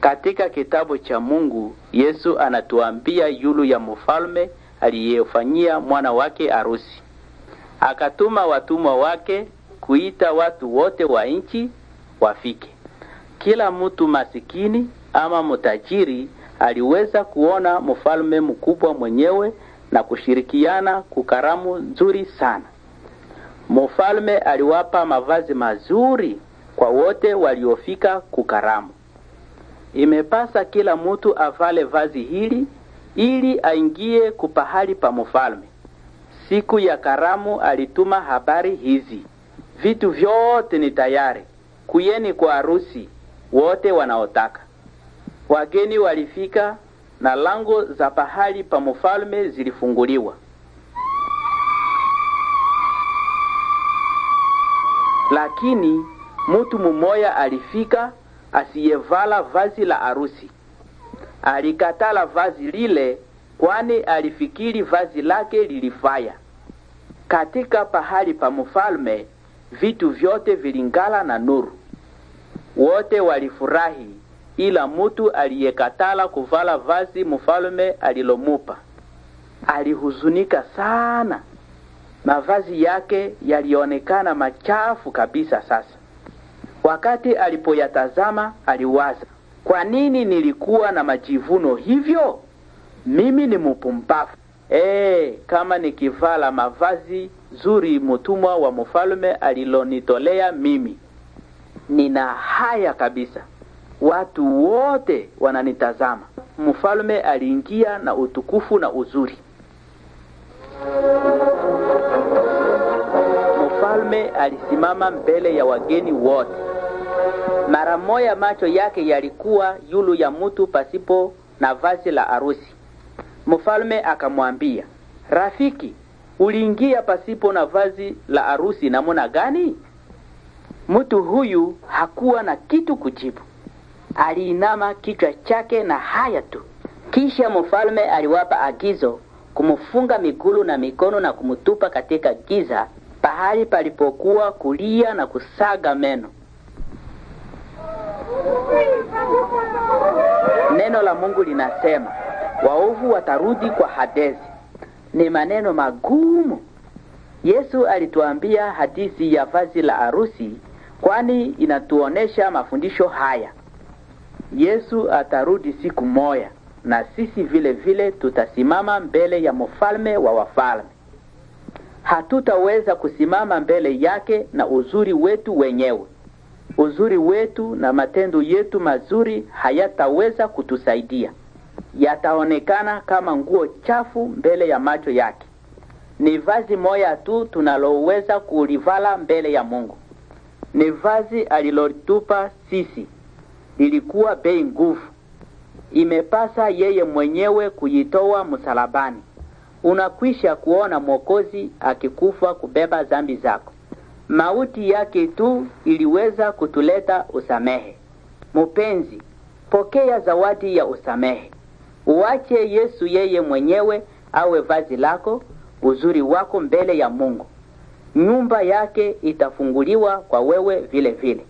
Katika kitabu cha Mungu Yesu anatuambia yulu ya mfalme aliyefanyia mwana wake arusi, akatuma watumwa wake kuita watu wote wa nchi wafike. Kila mtu masikini ama mtajiri aliweza kuona mfalme mkubwa mwenyewe na kushirikiana kukaramu nzuri sana. Mfalme aliwapa mavazi mazuri kwa wote waliofika kukaramu imepasa kila mutu avale vazi hili ili aingie kupahali pa mfalme. Siku ya karamu alituma habari hizi: vitu vyote ni tayari, kuyeni kwa harusi wote wanaotaka. Wageni walifika na lango za pahali pa mfalme zilifunguliwa. Lakini mutu mumoya alifika asiyevala vazi la arusi. Alikatala vazi lile, kwani alifikiri vazi lake lilifaya. Katika pahali pa mfalme vitu vyote vilingala na nuru. Wote walifurahi, ila mutu aliyekatala kuvala vazi mfalme alilomupa alihuzunika sana. Mavazi yake yalionekana machafu kabisa sasa. Wakati alipoyatazama aliwaza, kwa nini nilikuwa na majivuno hivyo? Mimi ni mpumbavu. E, kama nikivala mavazi zuri mtumwa wa mfalme alilonitolea mimi. Nina haya kabisa, watu wote wananitazama. Mfalme aliingia na utukufu na uzuri. Mfalme alisimama mbele ya wageni wote. Mara moya macho yake yalikuwa yulu ya mtu pasipo na vazi la arusi. Mfalme akamwambia, rafiki, uliingia pasipo na vazi la arusi namuna gani? Mtu huyu hakuwa na kitu kujibu, aliinama kichwa chake na haya tu. Kisha mfalme aliwapa agizo kumfunga migulu na mikono na kumtupa katika giza, pahali palipokuwa kulia na kusaga meno. neno la Mungu linasema waovu watarudi kwa Hadesi. Ni maneno magumu. Yesu alituambia hadithi ya vazi la harusi, kwani inatuonesha mafundisho haya. Yesu atarudi siku moja, na sisi vile vile tutasimama mbele ya mfalme wa wafalme. Hatutaweza kusimama mbele yake na uzuri wetu wenyewe uzuri wetu na matendo yetu mazuri hayataweza kutusaidia, yataonekana kama nguo chafu mbele ya macho yake. Ni vazi moya tu tunaloweza kulivala mbele ya Mungu, ni vazi alilotupa sisi. Lilikuwa bei nguvu, imepasa yeye mwenyewe kujitoa msalabani. Unakwisha kuona Mwokozi akikufa kubeba zambi zako. Mauti yake tu iliweza kutuleta usamehe. Mupenzi, pokea zawadi ya usamehe. Uache Yesu yeye mwenyewe awe vazi lako, uzuri wako mbele ya Mungu. Nyumba yake itafunguliwa kwa wewe vile vile.